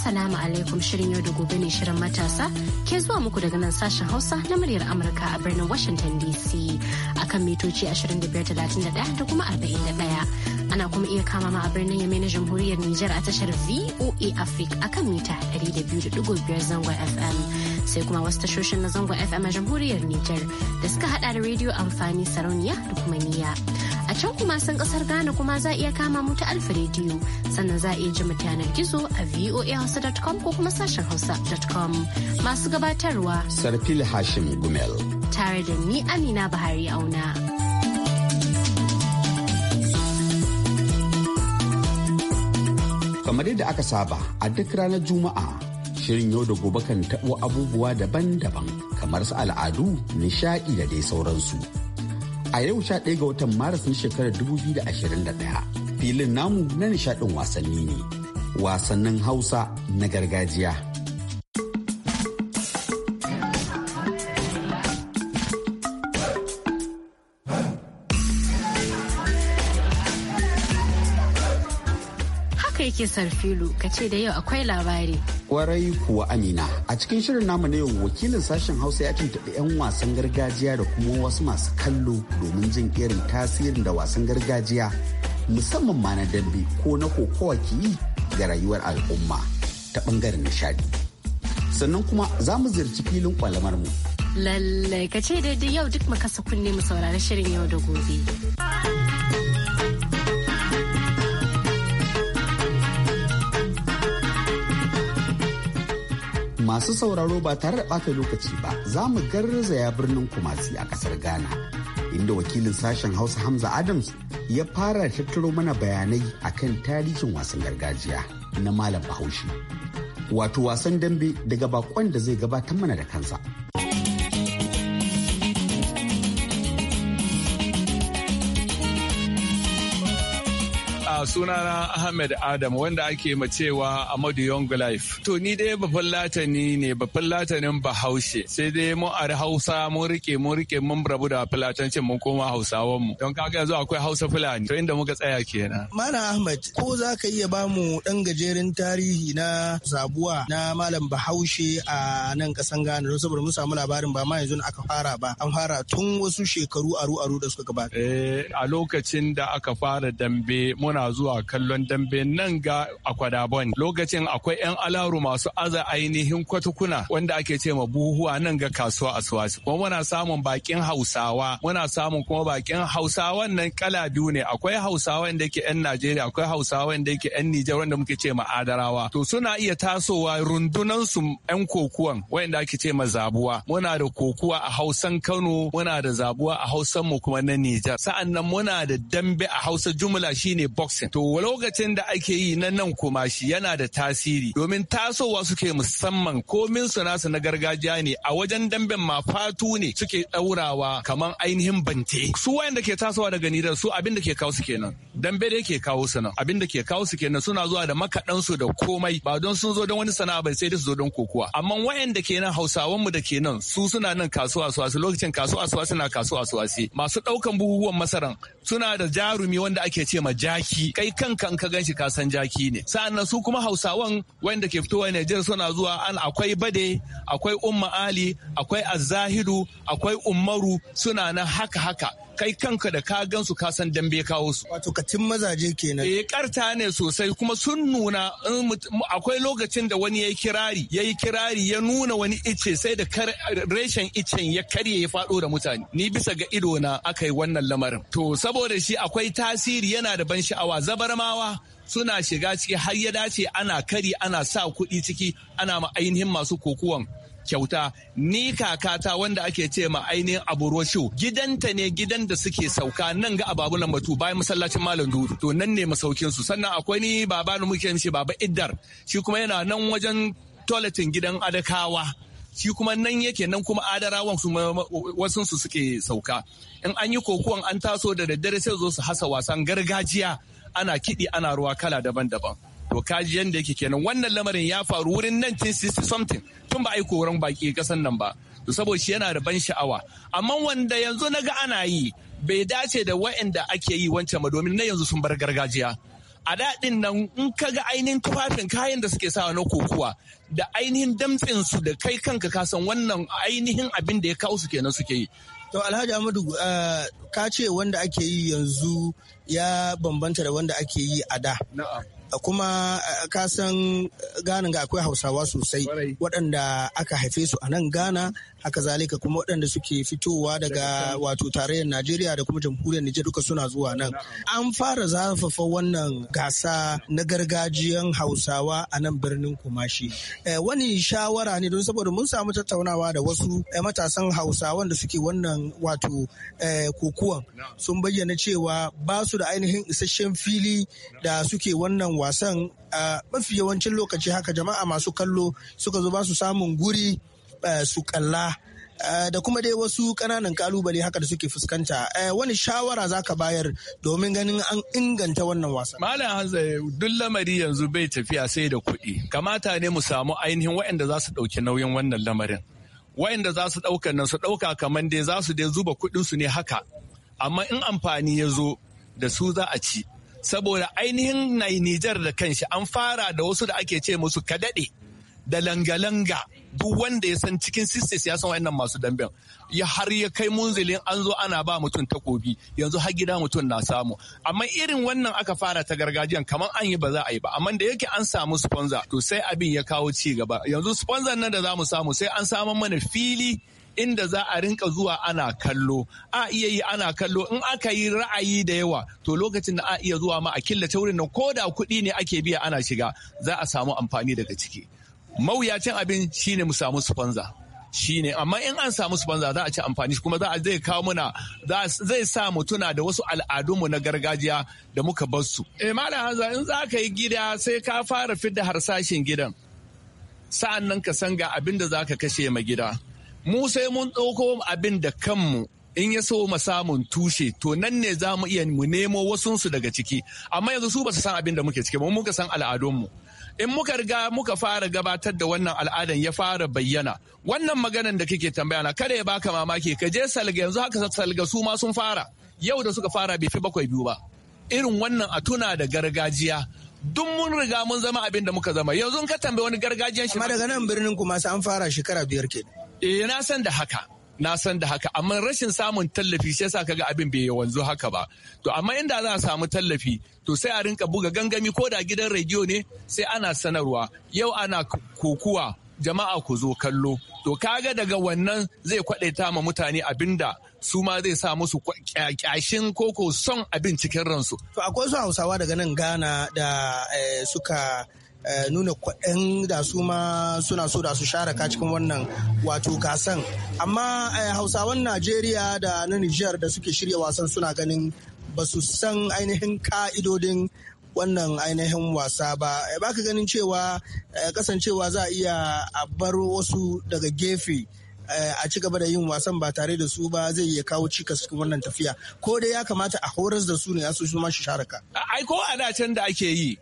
Assalamu alaikum shirin yau da gobe ne shirin matasa ke zuwa muku daga nan sashen Hausa na muryar Amurka a birnin Washington DC akan mitoci 2531 da kuma 41. Ana kuma iya kama a birnin Yame na Jamhuriyar Nijar a tashar VOA Africa akan mita 200.5 zangon FM. Sai kuma wasu tashoshin na zangon FM a Jamhuriyar Nijar da suka hada da rediyo amfani sarauniya da kuma niyya. can kuma sun kasar Ghana kuma za iya kama mu ta Alfa rediyo sannan za a iya ji yanar gizo a voahausa.com ko kuma sashen hausa.com masu gabatarwa Sarfil Hashim Gumel tare da ni Amina Bahari Auna. kamar yadda aka saba a duk ranar juma'a shirin yau da gobe kan taɓo abubuwa daban-daban kamar su al'adu nishaɗi da dai sauransu a yau sha ɗaya ga watan maris na shekarar ɗaya filin namu na nishaɗin wasanni ne wasannin hausa na gargajiya sarki sarfilu ka ce da yau akwai labari kwarai kuwa amina a cikin shirin namu na yau wakilin sashen hausa ya tuntuɓi 'yan wasan gargajiya da kuma wasu masu kallo domin jin irin tasirin da wasan gargajiya musamman ma na dambe ko na kokowa ke yi ga rayuwar al'umma ta bangaren nishadi sannan kuma za mu ziyarci filin kwalamar mu lallai ka ce daidai yau duk makasa kunne mu saurari shirin yau da gobe Masu sauraro ba tare da ɓata lokaci ba za mu garzaya birnin Kumasi a ƙasar Ghana. Inda wakilin sashen Hausa Hamza Adams ya fara tattaro mana bayanai akan tarihin wasan gargajiya na Malam Bahaushe. Wato wasan dambe daga bakon da zai gabatar mana da kansa. a sunana Ahmed Adam wanda ake ma cewa Amadu Young Life. To ni dai babban latani ne babban latanin Bahaushe sai dai mu a Hausa mun rike mun rike mun rabu da filatancin mun koma Hausawan mu. Don kaga yanzu akwai Hausa Fulani to inda muka tsaya kenan. Mana Ahmed ko za ka iya ba mu dan gajeren tarihi na sabuwa na Malam Bahaushe a nan kasan Ghana don saboda mun samu labarin ba ma yanzu aka fara ba an fara tun wasu shekaru aru-aru da suka gabata. Eh a lokacin da aka fara dambe muna zuwa kallon dambe nan ga akwadabon lokacin akwai 'yan alaru masu aza ainihin kwatukuna wanda ake ce ma buhuwa nan ga kasuwa asuwasi kuma muna samun bakin hausawa muna samun kuma bakin hausawan nan kala biyu ne akwai hausawa da ke 'yan najeriya akwai hausawa da ke 'yan nijar wanda muke ce ma adarawa to suna iya tasowa rundunan su 'yan kokuwan wanda ake ce ma zabuwa muna da kokuwa a hausan kano muna da zabuwa a hausan mu kuma na nijar sa'an nan muna da dambe a hausa jumla shine box 60 to lokacin da ake yi na nan kuma shi yana da tasiri domin tasowa suke musamman komin su nasu na gargajiya ne a wajen damben ma fatu ne suke daurawa kamar ainihin bante su wayanda ke tasowa daga nidar su abin da ke kawo su kenan dambe da yake kawo su nan abin da ke kawo su kenan suna zuwa da makaɗansu da komai ba don sun zo don wani sana'a bai sai da su zo don kokuwa amma wayanda ke nan hausawan mu da ke nan su suna nan kasuwa wasu lokacin kasuwa wasu na kasuwa wasu. masu ɗaukan buhuhuwan masaran suna da jarumi wanda ake ce ma jaki kai kanka ka gan shi ka san jaki ne sa'annan su kuma hausawan wanda ke fitowa Nijar suna zuwa an akwai bade akwai umma ali akwai azzahidu akwai umaru suna nan haka haka kai kanka da ka gansu ka san dambe kawo su. Wato katin mazaje kenan. Eh karta ne sosai kuma sun nuna akwai lokacin da wani ya yi kirari ya kirari ya nuna wani ice sai da reshen icen ya karye ya faɗo da mutane. Ni bisa ga ido na aka yi wannan lamarin. To saboda shi akwai tasiri yana da ban sha'awa zabarmawa suna shiga ciki har ya dace ana kari ana sa kuɗi ciki ana ma ainihin masu kokuwan kyauta ni kakata wanda ake ce ma a aburoshu gidanta ne gidan da suke sauka nan ga ababu batu bayan masallacin malam dudu to nan ne masaukin su sannan akwai ni baba da muke shi baba iddar shi kuma yana nan wajen toiletin gidan adakawa shi kuma nan yake nan kuma adarawan su wasun su suke sauka in an yi kokuwan an taso da daddare sai zo su hasa wasan gargajiya ana kiɗi ana ruwa kala daban-daban to kaji yanda yake kenan wannan lamarin ya faru wurin 1960 something tun ba a yi koran baki kasan nan ba to saboda shi yana da ban sha'awa amma wanda yanzu naga ana yi bai dace da wa'anda ake yi wancan ba domin na yanzu sun bar gargajiya a daɗin nan in ka ga ainihin tufafin kayan da suke sawa na kokuwa da ainihin damtsin su da kai kanka ka san wannan ainihin abin da ya kawo su kenan suke yi to alhaji amadu eh, ka ce wanda ake yi yanzu ya bambanta da wanda ake yi a da kuma eh, ka san eh, gana ga akwai Hausawa sosai waɗanda aka haife su a nan Ghana haka zalika kuma waɗanda suke fitowa daga wato tarayyar Najeriya da kuma jamhuriyar Nijar duka suna zuwa nan. An fara zafafa wannan gasa na gargajiyan Hausawa a nan birnin Kumashi. Eh, wani shawara ne don saboda mun samu tattaunawa da wasu matasan Hausawan da suke wannan wato kokuwan sun bayyana cewa ba su da ainihin isasshen fili da suke wannan wasan mafi yawancin lokaci haka jama'a masu kallo suka zo ba su samun guri su kalla da kuma dai wasu ƙananan kalubale haka da suke fuskanta wani shawara za ka bayar domin ganin an inganta wannan wasan. malam hanza duk lamari yanzu bai tafiya sai da kuɗi kamata ne mu samu ainihin waɗanda za su ɗauki nauyin wannan lamarin waɗanda za su ɗauka nan su ɗauka kamar dai za su dai zuba kuɗinsu ne haka amma in amfani ya zo da su za a ci saboda ainihin na Nijar da kanshi an fara da wasu da ake ce musu kadade da langa-langa duk wanda ya san cikin sistis ya san wayannan masu damben ya har ya kai munzilin an zo ana ba mutum takobi yanzu har gida mutum na samu amma irin wannan aka fara ta gargajiyan kamar an yi ba za a yi ba amma da yake an samu sponsor to sai abin ya kawo ci gaba yanzu sponsor nan da za mu samu sai an samu mana fili inda za a rinka zuwa ana kallo a iya yi ana kallo in aka yi ra'ayi da yawa to lokacin da a iya zuwa ma a killace wurin nan ko da kuɗi ne ake biya ana shiga za a samu amfani daga ciki mawuyacin abin shine mu samu sponsor shine amma in an samu sponsor za a ci amfani kuma za a zai kawo muna zai sa mu tuna da wasu al'adunmu na gargajiya da muka bar su eh malam hanza in za ka yi gida sai ka fara fidda harsashin gidan sa'an nan ka san ga abin da za ka kashe ma gida mu sai mun ɗauko abin da kanmu in ya so mu samun tushe to nan ne za mu iya mu nemo wasunsu daga ciki amma yanzu su ba su san abin da muke ciki ba muka san al'adunmu in muka riga muka fara gabatar da wannan al'adan ya fara bayyana wannan maganan da kake tambaya na kada ya baka mamaki ka je salga yanzu haka salga su ma sun fara yau da suka fara bai fi bakwai biyu ba irin wannan a tuna da gargajiya duk mun riga mun zama abin da muka zama yanzu ka tambayi wani gargajiyan shi. Amma daga nan birnin kuma an fara shekara biyar ke. Eh na san da haka. Na san da haka amma rashin samun tallafi sai sa kaga abin bai yi wanzu haka ba. To amma inda za a samu tallafi to sai a rinka buga gangami ko da gidan rediyo ne sai ana sanarwa yau ana kokuwa jama'a ku zo kallo. To kaga daga wannan zai kwadaita ma mutane abinda su ma zai sa musu kyashin koko son abin cikin ransu. To akwai su Hausawa daga nan Ghana da eh, suka eh, nuna kwaɗin da su ma suna so da su share ka cikin wannan wato gasan. Amma eh, Hausawan Najeriya da na Nijar da suke shirya wasan suna ganin ba su san ainihin ka'idodin wannan ainihin wasa ba baka ganin cewa kasancewa za a iya a bar wasu daga gefe Eh, a ci gaba da yin wasan ba tare da su ba zai iya kawo cikas cikin wannan tafiya ko dai ya kamata a horas da su ne ya su ma shi sharaka ai ko a can da ake yi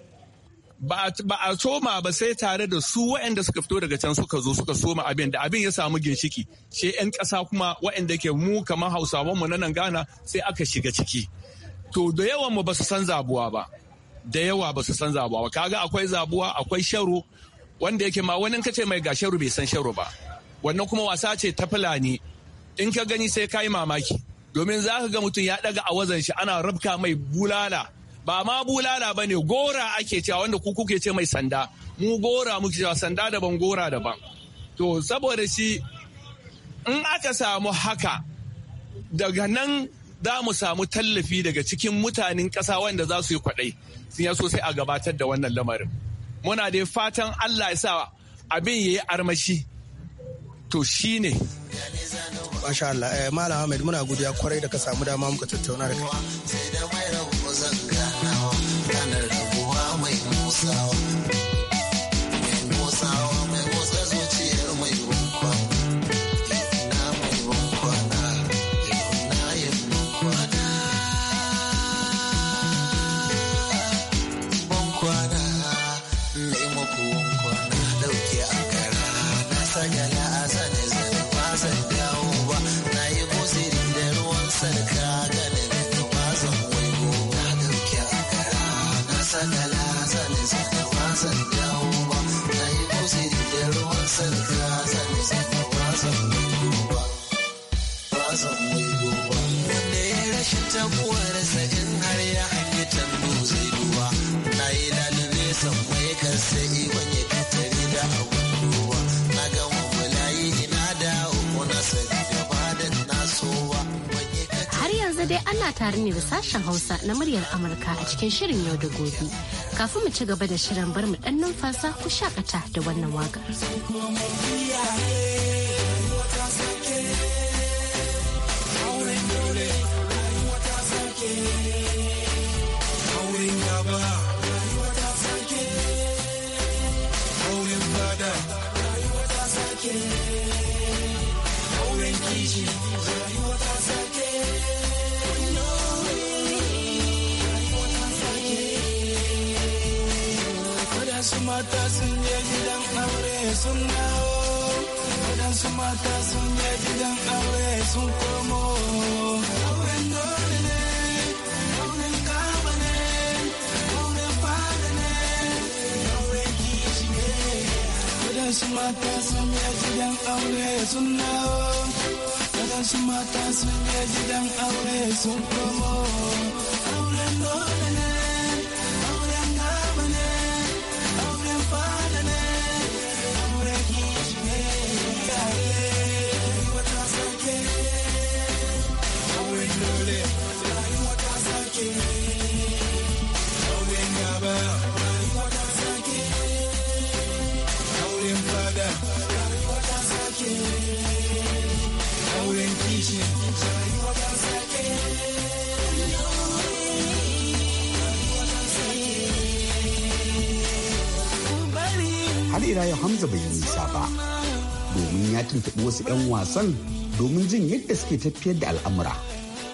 ba a soma ba sai tare da su waɗanda suka fito daga can suka zo suka soma abin da abin ya samu ginshiki sai 'yan ƙasa kuma waɗanda ke mu kamar mu na nan gana sai aka shiga ciki to da yawan mu ba su san zabuwa ba da yawa ba su san zabuwa ba kaga akwai zabuwa akwai sharo wanda yake ma wani kace mai ga sharo bai san sharo ba wannan kuma wasa ce ta fulani in ka gani sai ka yi mamaki domin za ka ga mutum ya daga a wazan shi ana rabka mai bulala ba ma bulala ba ne gora ake cewa wanda ku kuke ce mai sanda mu gora muke cewa sanda daban gora daban to saboda shi in aka samu haka daga nan za mu samu tallafi daga cikin mutanen ƙasa wanda za su yi kwaɗai sun yaso sai a gabatar da wannan lamarin muna dai fatan allah ya sa abin ya yi armashi to shi ne masha Allah eh, mala Ahmed muna godiya kwarai da ka samu dama muka tattauna da kai. sakala sanin Kuna tare ne da sashen Hausa na muryar Amurka a cikin shirin yau da gobe. Kafin mu ci gaba da shirin bar mu dan numfasa ku shakata da wannan waka. Yeah. sun je gidan aure sun dawo waɗansu mata sun je gidan aure sun komo auren dole ne auren kama ne auren fada ne auren kishi ne waɗansu mata sun je gidan aure sun dawo waɗansu mata sun je gidan aure sun komo ila yau Hamza bai yi nisa ba. Domin ya tuntuɓi wasu 'yan wasan domin jin yadda suke tafiyar da al'amura.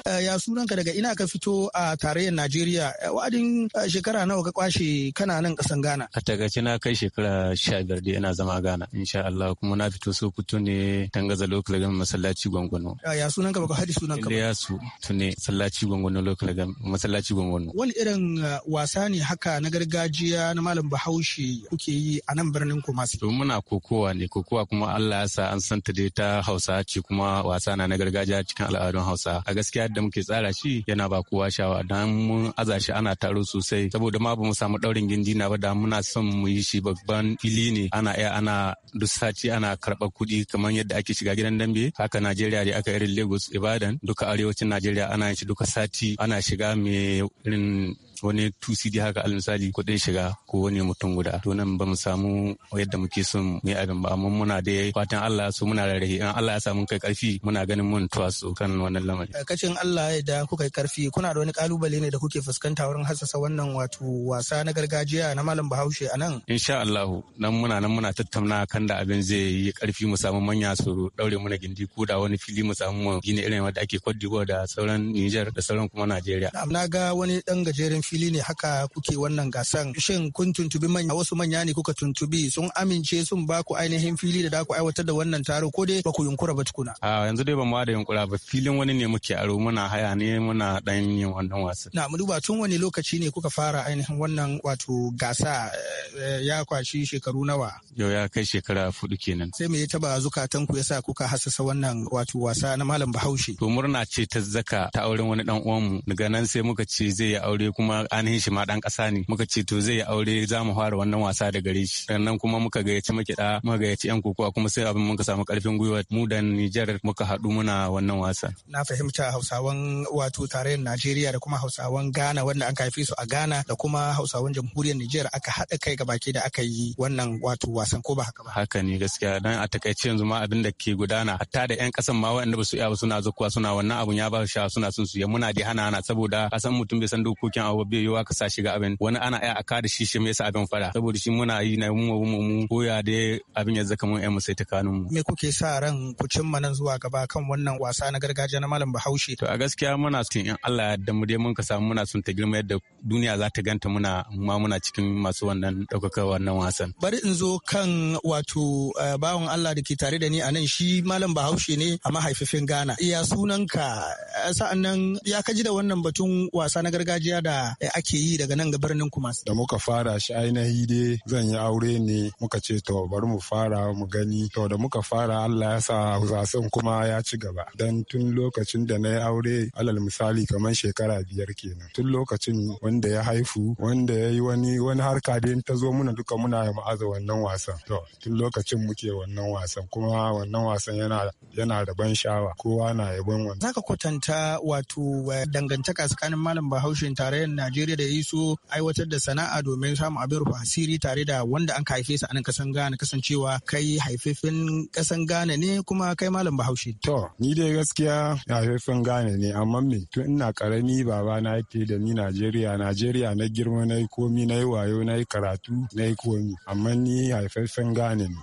Eh, ya sunanka daga ina ka fito a tarayyar Najeriya eh, wa'adin eh, shekara nawa ka kwashe kana nan kasan Ghana. A tagace na kai shekara sha biyar da ina zama Ghana insha Allah kuma na fito so Sokoto ne tangaza local government masallaci gwangwano. Ya sunanka baka haɗi sunanka ba. Ya su tune sallaci gwangwano local government masallaci gwangwano. Wani irin wasa ne haka na gargajiya na malam Bahaushe kuke yi a nan birnin Kumasi. To muna kokowa ne kokowa kuma Allah ya sa an santa dai ta Hausa ce kuma wasa na na gargajiya cikin al'adun Hausa. A gaskiya yadda muke tsara shi yana ba kowa shawa dan mun aza shi ana taro sosai saboda ma ba mu samu daurin gindina ba da muna son mu yi shi babban fili ne ana iya ana duk ana karɓar kuɗi kamar yadda ake shiga gidan dambe haka Najeriya da aka irin Lagos Ibadan duka arewacin Najeriya ana yin shi duka sati ana shiga mai irin wani tusi di haka al misali kuɗin shiga ko wani mutum guda to nan ba mu samu yadda muke son mu yi abin ba amma muna da fatan Allah su muna rarrahe in Allah ya samu kai karfi muna ganin mun tuwa su kan wannan lamari eh, kacin Allah ya da kuka karfi kuna da wani kalubale ne da kuke fuskanta wurin hassasa wannan wato wasa na gargajiya na malam Bahaushe anan?" nan insha Allah nan muna nan muna tattauna kan da abin zai yi karfi mu samu manya su daure muna gindi ko da wani fili mu samu gine irin wanda ake Cote da sauran Niger da sauran kuma Najeriya na ga wani dan gajeren fili ne haka kuke wannan gasan shin kun tuntubi manya wasu manya ne kuka tuntubi sun amince sun ba ku ainihin fili da ku aiwatar da wannan taro ko dai baku yunkura ba tukuna a yanzu dai ba mu da yunkura ba filin wani ne muke aro muna haya ne muna dan yin wannan wasan na mu duba tun wani lokaci ne kuka fara ainihin wannan wato gasa eh, ya kwashi shekaru nawa yau ya kai shekara fudu kenan sai me ya taba zukatan ku yasa kuka hasasa wannan wato wasa na malam bahaushe to murna ce ta zaka ta auren wani dan uwanmu daga nan sai muka ce zai yi aure kuma kuma ainihin shi ma dan kasa ne muka ce to zai aure za mu fara wannan wasa da gare shi sannan kuma muka gayyaci makiɗa muka gayyaci yan kokowa kuma sai abin muka samu karfin gwiwa mu da Nijar muka haɗu muna wannan wasa na fahimta Hausawan wato tarayyar Najeriya da kuma Hausawan Ghana wanda an haife su a Ghana da kuma Hausawan jamhuriyar Nijar aka haɗa kai ga baki da aka yi wannan wato wasan ko ba haka ba haka ne gaskiya dan a takaice yanzu ma abin da ke gudana hatta da yan kasan ma wanda ba su iya ba suna zakuwa suna wannan abun ya ba sha suna sun su ya muna da hana hana saboda kasan mutum bai san dokokin abu abu bai yiwa ka sa shi abin wani ana aya aka da shi shi me yasa abin fara saboda shi muna yi na mu mu mu koya da abin ya zaka mun mu sai ta mu me kuke sa ran ku cin nan zuwa gaba kan wannan wasa na gargajiya na malam Bahaushe to a gaskiya muna son in Allah ya yarda mu dai mun ka samu muna son ta girma yadda duniya za ta ganta muna ma muna cikin masu wannan daukaka wannan wasan bari in zo kan wato eh, bawon Allah da ke tare da ni a nan shi malam Bahaushe ne a mahaififin Ghana iya sunanka eh, sa'annan ya kaji da wannan batun wasa na gargajiya da da ake yi daga nan ga birnin Kumasi. Da muka fara shi ainihi dai zan yi aure ne muka ce to bari mu fara mu gani to da muka fara Allah ya sa zasan kuma ya ci gaba dan tun lokacin da na yi aure alal misali kamar shekara biyar kenan tun lokacin wanda ya haifu wanda ya yi wani wani harka dai ta zo muna duka muna ma'aza wannan wasan to tun lokacin muke wannan wasan kuma wannan wasan yana yana da ban sha'awa kowa na yabon wannan zaka kwatanta wato eh, dangantaka tsakanin malam bahaushe tarayyar Najeriya da ya so aiwatar da sana'a domin samun abin rufe asiri tare da wanda an haife sa a nan kasan Ghana kasancewa kai haifefin kasan Ghana ne kuma kai malam Bahaushe. To ni dai gaskiya haifefin Ghana ne amma me tun ina karami baba na yake da ni Najeriya Najeriya na girma na yi komi na yi wayo na yi karatu na yi komi amma ni haifefin Ghana ne.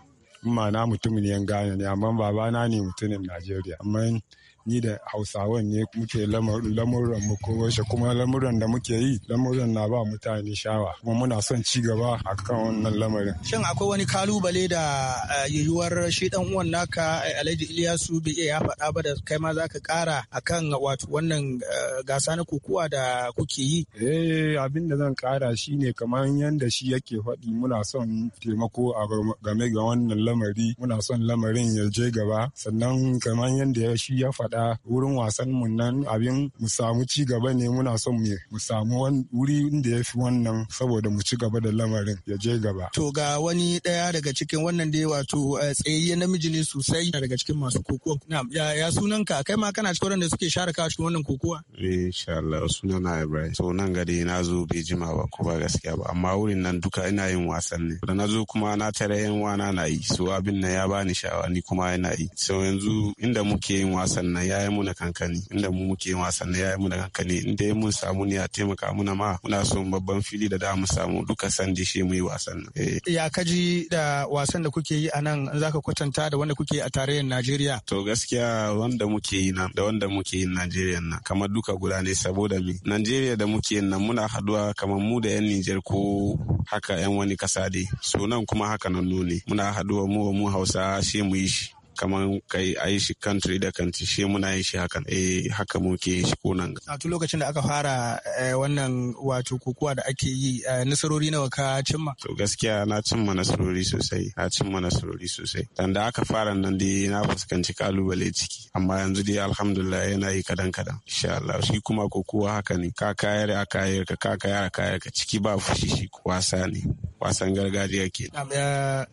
Amma na mutumin yan Ghana ne amma baba ne mutumin Najeriya amma ni da hausawan ne muke lamuran mu ko washe kuma lamuran da muke yi lamuran na ba mutane shawa kuma muna son ci gaba kan wannan lamarin shin akwai wani kalubale da eh, yiwuwar shi dan uwan naka eh, Alhaji Ilyasu bai iya ya faɗa ba da kai ma za kara ƙara kan wato wannan eh, gasa na kokowa da kuke yi eh abin da zan shi shine kamar yadda shi yake faɗi muna son taimako a game ga wannan lamari muna son lamarin ya je gaba sannan kamar yadda shi ya faɗa faɗa wurin wasan mu nan abin mu samu ci gaba ne muna son mu samu wuri da ya fi wannan saboda mu ci gaba da lamarin ya je gaba. To ga wani ɗaya daga cikin wannan da wato eh, tsayayye namiji ne sosai daga cikin masu kokowa. Ya, ya sunan ka kai ma kana cikin wanda suke share ka cikin wannan kokowa? Eh, insha Allah sunan na Ibrahim. So nan gari na zo bai jima ba ko ba gaskiya ba amma wurin nan duka ina yin wasan ne. Da na zo kuma na tare yan wana na yi so abin nan ya bani sha'awa ni kuma ina yi. So yanzu inda muke yin wasan sannan ya mu na kankani inda mu muke wasanni ya yayan mu kankani inda ya mun samu ne a taimaka muna ma muna so babban fili da damu mu samu duka san shi mu yi wasan eh. Ya kaji da wasan da kuke yi a nan Za ka kwatanta da wanda kuke a tarayyar Najeriya? To gaskiya wanda muke yi nan da wanda muke yi Najeriya nan kamar duka guda ne saboda mi. Najeriya da muke nan muna haduwa kamar mu da 'yan Nijar ko haka 'yan wani kasa dai. Sunan kuma haka nan nune. Muna haduwa mu mu Hausa shi mu yi shi. kamar kai a yi shi country da kanti shi muna yin shi hakan eh haka muke shi kunan a tun lokacin da aka fara eh, wannan wato kokuwa da ake yi eh, nasarori nawa ka cimma to gaskiya na cimma nasarori sosai na cimma nasarori sosai dan da aka fara nan dai na fuskanci kalubale ciki amma yanzu dai alhamdulillah yana yi kadan kadan insha Allah shi kuma kokuwa haka ne ka kayar a kayar ka ka kayar a kayar ka ciki ba fushi shi kuwa ne wasan gargajiya ke.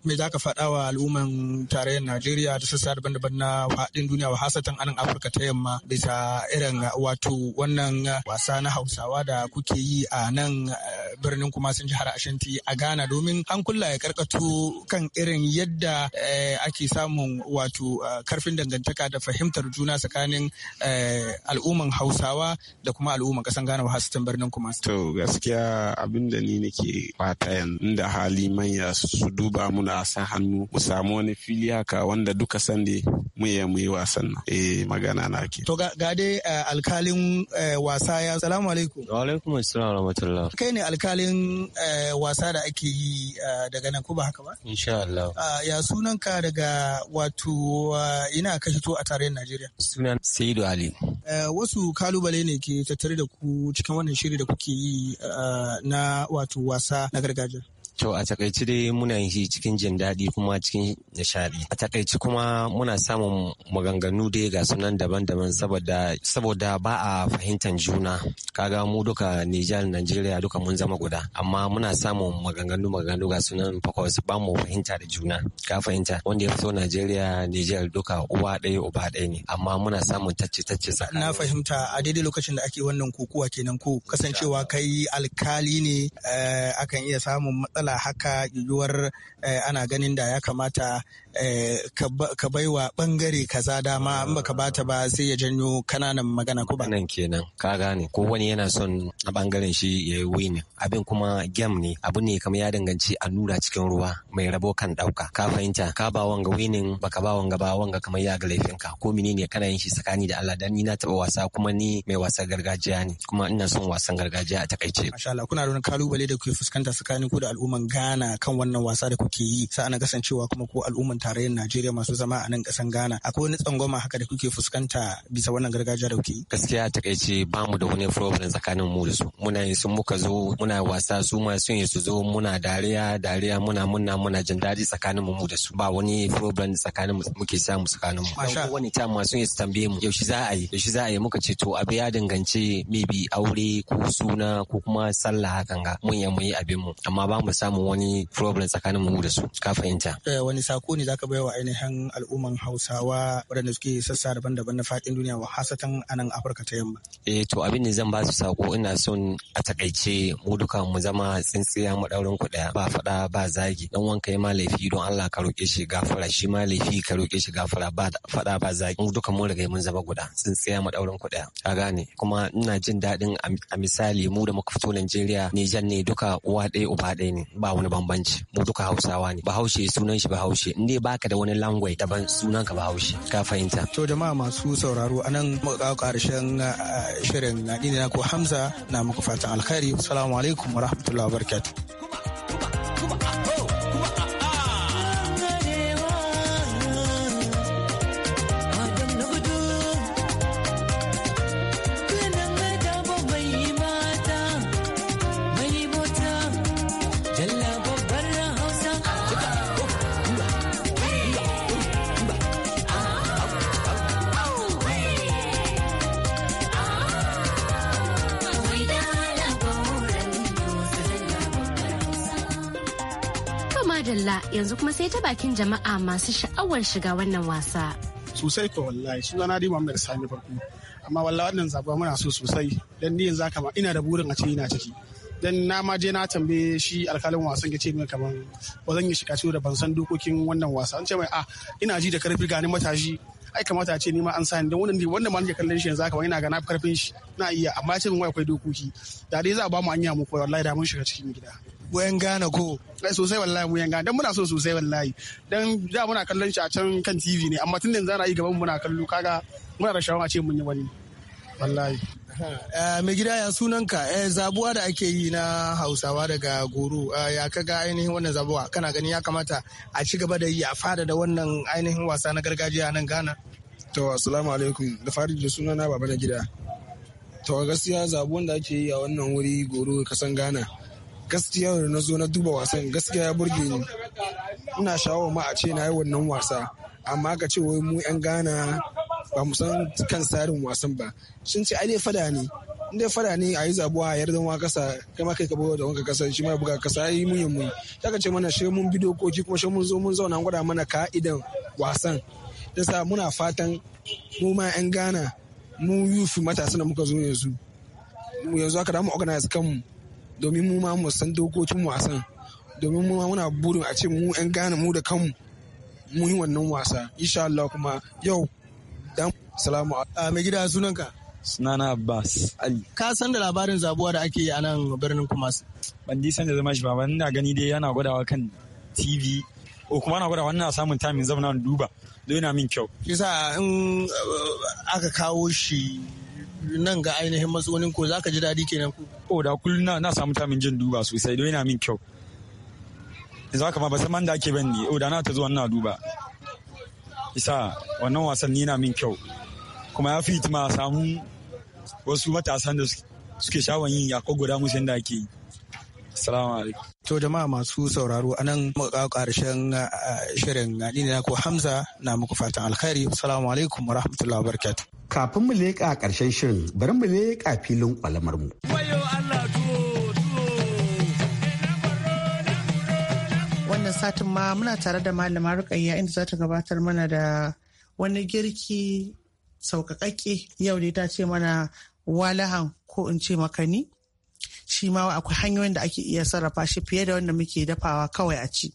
Me za ka faɗa wa al'umman tarayyar Najeriya da sassa daban-daban na haɗin duniya wa hasatan anan Afirka ta yamma bisa irin wato wannan wasa na Hausawa da kuke yi a nan eh, birnin kuma sun jihar Ashanti a Ghana domin an kulla ya karkato kan irin yadda eh, ake samun wato eh, karfin dangantaka da fahimtar juna tsakanin al'umman Hausawa da kuma al'umman ƙasan Ghana wa hasatan birnin kuma. To gaskiya abin da ni nake fata yanzu Da hali manya su duba muna san hannu mu samu wani fili haka wanda duka sande mu ya mu yi wasan nan eh magana na ke to ga dai eh, alkalin eh, wasa ya salamu alaikum wa alaikum assalam rahmatullah kai ne alkalin eh, wasa da ake yi daga nan ko ba haka ba insha Allah ah, ya ka daga wato ah, ina ka fito a tarayyar Najeriya sunan Saidu Ali wasu kalubale ne ke tattare da ku cikin wannan shiri da kuke yi ah, na wato wasa na gargajiya To a takaici dai muna yin shi cikin jin daɗi kuma cikin nishaɗi. A takaici kuma muna samun maganganu dai ga sunan daban-daban saboda ba a fahimtar juna. Kaga mu duka Nijar, Najeriya duka mun zama guda. Amma muna samun maganganu maganganu ga sunan fakwas ba mu fahimta da juna. Ka fahimta wanda ya fito Najeriya, Nijar duka uwa ɗaya uba ɗaya ne. Amma muna samun tacce-tacce Na fahimta a daidai lokacin da ake wannan kokuwa kenan ko kasancewa kai alkali ne eh, akan iya samun matsala matsala haka yiwuwar eh, ana ganin da ya kamata Eh, ka baiwa bangare kaza dama in baka bata ba sai ya janyo kananan magana ko ba nan kenan ka gane ko wani yana son a bangaren shi ya yi win abin kuma gem ne abu ne kamar ya danganci a nura cikin ruwa mai rabo kan dauka ka fahimta ka ba wanga winin baka ba wanga ba wanga kamar ya ga laifin ka ko menene kana yin shi tsakani da Allah dan ni na taba wasa kuma ni mai wasan gargajiya ne kuma ina son wasan gargajiya a takaice masha Allah kuna da kalubale da kuke fuskanta tsakanin ku da al'umman Ghana kan wannan wasa da kuke yi na kasancewa kuma ko al'umman tarayyar Najeriya masu zama a nan kasan Ghana akwai wani tsangwama haka da kuke fuskanta bisa wannan gargajiya da kuke gaskiya takaice ba mu da wani problem tsakanin mu da su muna yin sun muka zo muna wasa su ma sun yi su zo muna dariya dariya muna muna muna jin daɗi tsakanin mu da su ba wani problem tsakanin mu muke samu tsakanin mu dan wani ta ma sun yi su tambaye mu yaushe za a yi yaushe za a yi muka ce to abu ya danganci maybe aure ko suna ko kuma sallah hakan ga mun ya mu yi abin mu amma ba mu samu wani problem tsakanin mu da su ka fahimta eh, wani sako ne zaka bai wa ainihin al'umman Hausawa waɗanda suke sassa daban-daban na faɗin duniya wa hasatan a nan Afirka ta yamma? Eh to abin da zan ba su sako ina son a takaice mu duka mu zama tsintsiya mu ɗaurin ku ɗaya ba faɗa ba zagi dan wanka ya ma laifi don Allah ka roƙe shi gafara shi ma laifi ka roƙe shi gafara ba faɗa ba zagi mu duka mun riga mun zama guda tsintsiya mu ɗaurin ku ɗaya ka gane kuma ina jin daɗin a misali mu da muka fito Najeriya jan ne duka uwa ɗaya uba ɗaya ne ba wani bambanci mu duka Hausawa ne bahaushe sunan shi haushe zai baka da wani langwai daban sunan ka bahaushe ka fahimta to jama'a masu sauraro anan muka karshen uh, shirin na ko hamza na muku fatan alkhairi assalamu alaikum wa rahmatullahi wa barakatuh madalla yanzu kuma sai ta bakin jama'a masu sha'awar shiga wannan wasa. Sosai ko wallahi na dima mai sami farko amma wallahi wannan zaba muna so sosai don ni yanzu kama ina da burin a ce ina ciki. don na ma je na tambaye shi alkalin wasan ya ce min kamar ba zan yi shiga ciwo da ban san dokokin wannan wasa an ce mai a ah, ina ji da karfi ganin matashi ai kamata a ce ni ma an sani don wannan wanda ma nake kallon shi yanzu haka ina ga na karfin shi na iya amma ce min wai akwai dokoki da dai za a ba mu anya mu koyi wallahi da mun shiga cikin gida. wayan yan Ghana ko eh, sosai wallahi mu yanga Ghana dan muna so sosai wallahi dan da muna kallon shi a can kan TV ne amma tun da yanzu ana yi gaban muna kallo kaga muna da shawara ce mun yi wani wallahi eh, mai gida ya sunanka eh, zabuwa da ake yi na hausawa daga goro ya kaga ainihin wannan zabuwa kana gani ya kamata a ci gaba da yi a fada da wannan ainihin wasa na gargajiya nan ghana to assalamu alaikum da fari da sunana baba na gida to gaskiya zabuwan da ake yi a wannan wuri goro kasan ghana gaskiya da na zo na duba wasan gaskiya ya burge ni ina shawo ma a ce na yi wannan wasa amma ka ce wai mu yan gana ba mu san kan tsarin wasan ba sun ce ai fada ne in dai fada ne a yi zabuwa a yardan wa kasa kai ma kai ka bawa da wanka kasa shi ma buga kasa yi mun mun ta ce mana shi mun bi dokoki kuma shi mun zo mun zauna gwada mana ka'idan wasan da sa muna fatan mu ma yan Ghana mu yufi matasa da muka zo yanzu yanzu aka da mu organize kanmu domin mu ma mu san dokokin wasan domin mu ma muna burin a ce mu 'yan gane mu da kanmu mu yi wannan wasa insha Allah kuma yau dan salamu a mai gida sunanka sunana Abbas Ali ka san da labarin zabuwa da ake yi a nan birnin Kumasi ban san da zama shi ba ban na gani dai yana gwadawa kan TV ko kuma na gwada wannan samun tamin' zama na duba don yana min kyau kisa in aka kawo shi nan ga ainihin matsonin ko zaka ji daɗi kenan ku. O da kullum na, na samu tamin jin duba sosai don yana min kyau. Za ka ma ba san man da ake bani. o da na ta zo na duba. Isa wannan wasan ni na min kyau. Kuma ya fi ma samu wasu matasan da suke shawon yin ya guda musu yadda ake yi. Salamu alaikum. To jama'a masu sauraro anan muka karshen shirin ni ne ko Hamza na muku fatan alkhairi. Salamu alaikum wa rahmatullahi wa barakatuh. Kafin mu leƙa ƙarshen shirin bari mu leƙa filin mu Wannan satin ma muna tare da malama rukayya inda za ta gabatar mana da wani girki sauƙaƙaƙe yau ne ta ce mana walahan ko in ce makani. shi ma akwai hanyoyin da ake iya sarrafa shi fiye da wanda muke dafawa kawai a ci.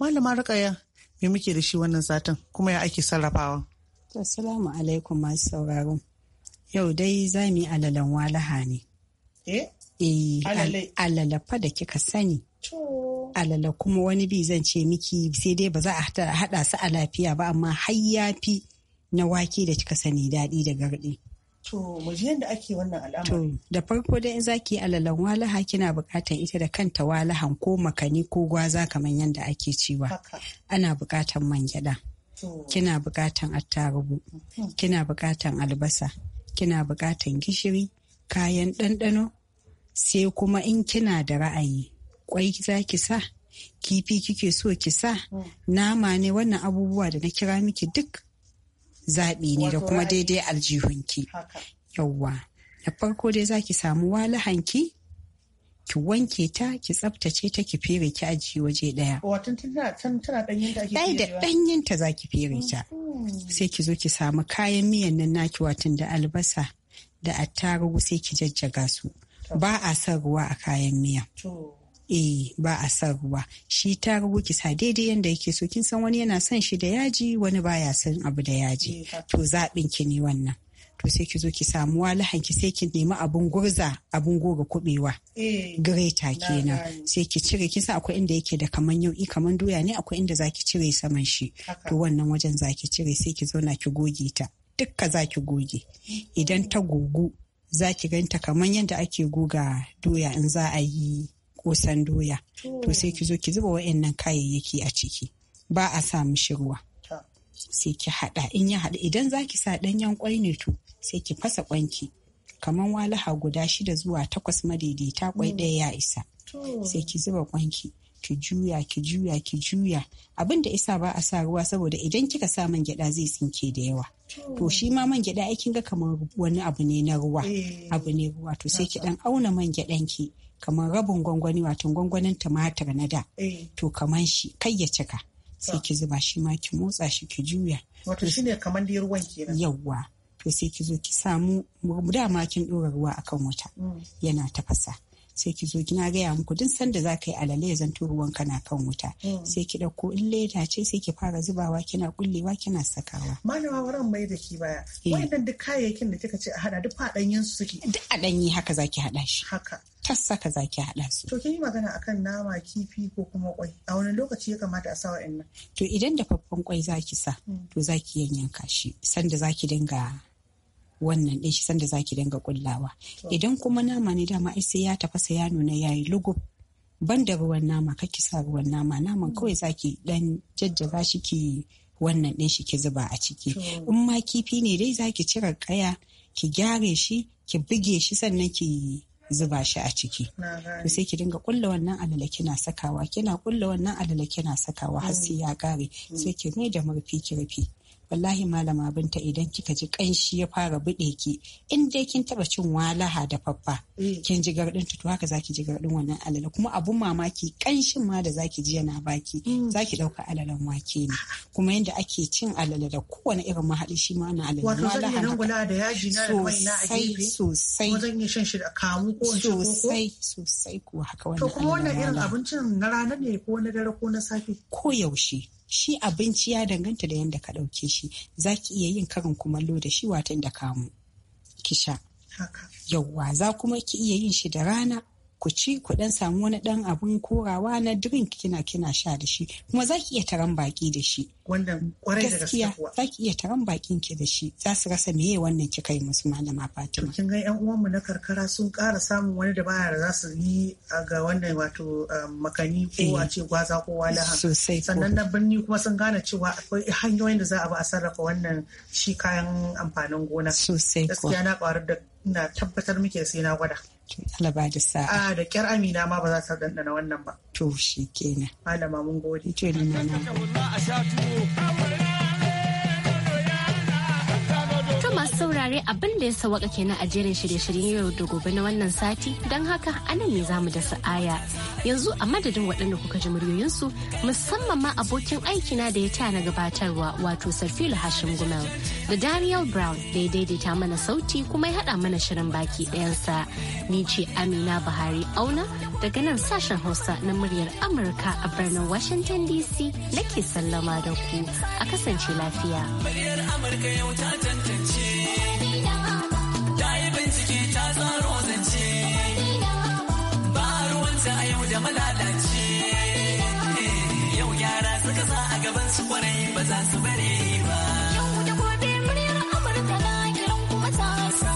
Malama rukayya me muke da shi wannan satin kuma ya ake sarrafawa? Assalamu alaikum masu sauraro. Yau dai za mu yi alalan walaha ne. Eh? eh alala fa da kika sani. Alala kuma wani bi zan ce miki sai dai ba za a haɗa su a lafiya ba amma har yafi na wake da kika sani daɗi da garɗi. To, mu yadda ake wannan al'amari. To, da farko dai in za ki yi alalan walaha kina buƙatar ita da kanta walahan ko makani ko gwaza kamar yadda ake cewa. Ana buƙatar man gyaɗa. kina bukatan attarugu hmm. kina bukatan albasa kina bukatan gishiri kayan ɗanɗano sai kuma in kina da ra'ayi kwai za ki sa kifi kike so ki sa hmm. nama ne wannan abubuwa da na kira miki duk zaɓi ne da kuma daidai aljihunki yauwa da farko dai za ki samu walahanki ki wanke ta ki tsaftace ta ki fere ki ajiye waje daya watan ɗanyen ta za da zaki fere ta hmm. sai ki zo ki samu kayan miyan nan naki watan da albasa da attarugu sai ki jajjaga su ba a san ruwa a kayan miya eh ba a san ruwa shi tarugu ki sa daidai yanda yake so kin san wani yana son shi da yaji wani baya son abu da yaji eh, to zaɓin ki ne wannan to sai ki zo ki samu walahan ki sai ki nemi abun gurza abun goga kubewa eh. greta kenan sai ki cire kin san akwai inda yake da kaman yau'i kaman doya ne akwai inda zaki cire saman shi to wannan wajen zaki cire sai ki zauna ki goge ta dukka zaki goge idan ta gugu zaki ganta kaman yadda ake goga doya in za a yi kosan doya to sai ki zo ki zuba wa'annan kayayyaki a ciki ba a sa mishi ruwa sai ki haɗa in ya haɗu, idan za ki sa ɗanyen kwai ne to sai ki fasa kwanki kamar walaha guda shida zuwa takwas madaidaita kwai mm. ɗaya ya isa sai ki zuba kwanki ki juya ki juya ki juya abin da isa ba a sa ruwa saboda idan kika sa man gyada zai tsinke da yawa to shi ma man gyada ai kin ga kamar wani abu ne na ruwa eh. abu ne ruwa to sai ki dan auna man gyadan ki kamar rabin gwangwani wato gwangwanin tumatir na da eh. to kamar shi kai ya cika sai ki zuba shi ma ki motsa shi ki juya wato shine kamar dai ruwan kenan yawwa to sai ki zo ki samu dama kin ɗora ruwa akan wuta mm. yana tafasa sai ki zo kina gaya muku duk sanda za ka yi alale ya zanto ruwan kana kan wuta mm. sai ki ɗauko in leda ce sai ki fara zubawa kina kullewa kina sakawa. Malama wurin mai da ki baya. Eh. Wa'annan duk kayayyakin da kika ce a hada duk a su suke. Duk a ɗanyi haka zaki hada shi. Haka. tassa ka zaki haɗa su. To kin yi magana akan nama kifi ko kuma kwai a wani lokaci ya kamata a sawa nan. To idan dafaffen kwai zaki sa mm. to zaki yanyanka shi sanda zaki dinga wannan ɗin shi sanda zaki dinga kullawa idan kuma nama ne dama ai sai ya tafasa ya nuna yayi ban da ruwan nama kake sa ruwan nama naman mm. kawai zaki dan jajjaga shi ki wannan ɗin shi ki zuba a ciki in ma kifi ne dai zaki cire kaya ki gyare shi ki buge shi sannan ki zuba shi a ciki to sai ki dinga kulla wannan alala kina sakawa kina kulla wannan alala kina sakawa har mm. sai ya kare mm. sai ki mai da murfi ki rufe wallahi malama binta idan kika ji kanshi ya fara buɗe ki in dai kin taba cin walaha da faffa mm. kin ji gardin to haka zaki ji gardin wannan alala kuma abun mamaki kanshin ma da zaki ji yana baki mm. zaki dauka alalan wake ne kuma yanda ake cin alala da kowane irin mahaɗi shi ma na alala wato zan iya rangula da yaji na da mai na a gefe sosai wajen iya shan shi da kamu ko sosai sosai ko haka wannan to kuma wannan irin abincin na rana ne ko na dare ko na safe ko yaushe shi abinci ya danganta da yadda ka ɗauke shi za ki iya yin karin kumallo da shi watan da kamu kisha. sha yauwa za kuma ki iya yin shi da rana ku ci ku dan samu wani dan abun korawa na drink kina kina sha da shi kuma za iya taron baki da shi wanda kwarai da gaskiya za iya taron bakin ki da shi za su rasa meye wannan ki yi musu malama Fatima kin ga yan uwanmu na karkara sun ƙara samun wani da baya za su yi ga wannan wato makani ko a ce eh, gwaza ko walaha sosai sannan na birni kuma sun gane cewa akwai hanyoyin da za a bi a sarrafa wannan shi kayan amfanin gona sosai gaskiya na ƙwarar da na tabbatar muke sai na gwada To alaba da sa. A ah, da kyar Amina ma ba za ka dandana wannan ba. To shi kenan. Malama mun gode. Ito ne na. masu saurare abin da ya sauwaka kenan a jerin shirye-shiryen yau da gobe na wannan sati don haka anan ne zamu da sa'aya yanzu a madadin waɗanda kuka ji muryoyinsu musamman ma abokin aiki na da ya taya na gabatarwa wato sarfilu hashim gumel da daniel brown da ya daidaita mana sauti kuma ya haɗa mana shirin baki ɗayansa ni ce amina buhari auna daga nan sashen hausa na muryar amurka a birnin washington dc nake sallama da ku a kasance lafiya. Amurka yau ta tantance. da malala